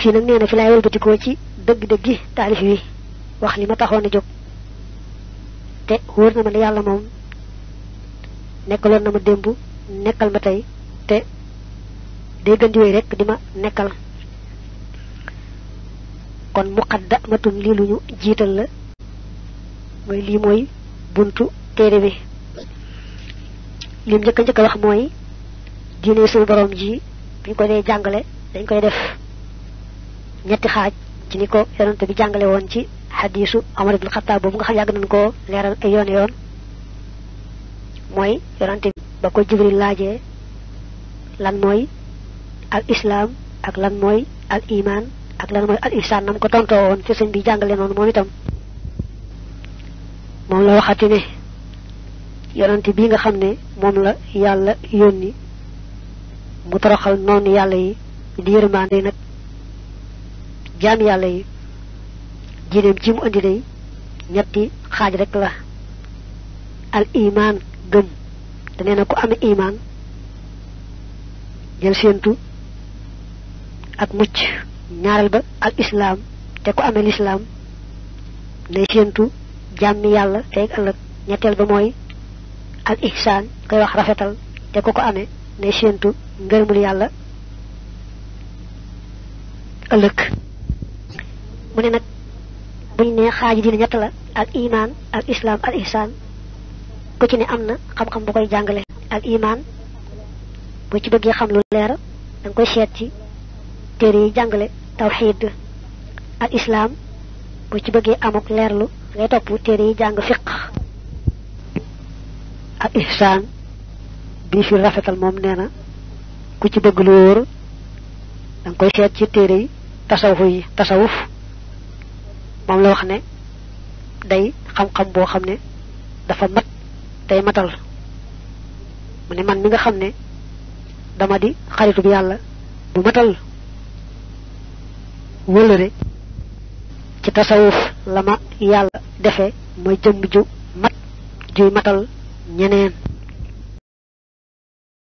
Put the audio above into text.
fi nak neena fi lay wëlbetikoo ci deug deug gi talif wi wax li ma taxone jog te hoor na ma yalla mom nekkalon na ma dembu nekkal ma tay te day gën di rek dima nekkal kon muqaddamatun li luñu jital la li moy buntu téere bi lim njëkk njëkk wax moy dina suñu borom ji bi ko dañ koy def ñetti xaaj ci ni ko yonante bi jàngale woon ci xadiisu amar ibn xataab boobu nga xam yàgg nañ koo leeral ay yoon yoon mooy yonante bi ba ko jibril laajee lan mooy al islam ak lan mooy al iman ak lan mooy al ihsan nam ko tontoo woon ci sëñ bi jàngale noonu moom itam moom la waxati ne yonante bi nga xam ne moom la yàlla yónni mu toroxal noonu yàlla yi di nag jaam yàlla yi diineem ci mu andi ñetti xaaj rek la al iman gëm da nee na ku am iman jël sentu ak mucc ñaaral ba al islam te ku amee lislaam day séentu jàmmi yàlla tey ëllëg ñetteel ba mooy al ihsan koy wax rafetal te ku ko amee day sentu ngërmul yàlla ëllëg mu ne nag buñ ne xaaji dina ñett la al iman al islam al ihsan ku ci ne am na xam-xam bu koy jàngale al iman bu ci bëggee xam lu leer da koy seet ci téere yi jàngale tawxid al islam bu ci bëggee amuk leerlu ngay topp téere yi jàng fiq al ihsan bi fi rafetal moom nee na ku ci bëgg lu wóor da koy seet ci téere tasawuf tasawuf moom la wax ne day xam-xam boo xam ne dafa mat tey matal mu ne man mi nga xam ne dama di xaritu bi yàlla bu matal wëlëre ci tasawuf la ma yàlla defe mooy jëmm ju mat juy matal ñeneen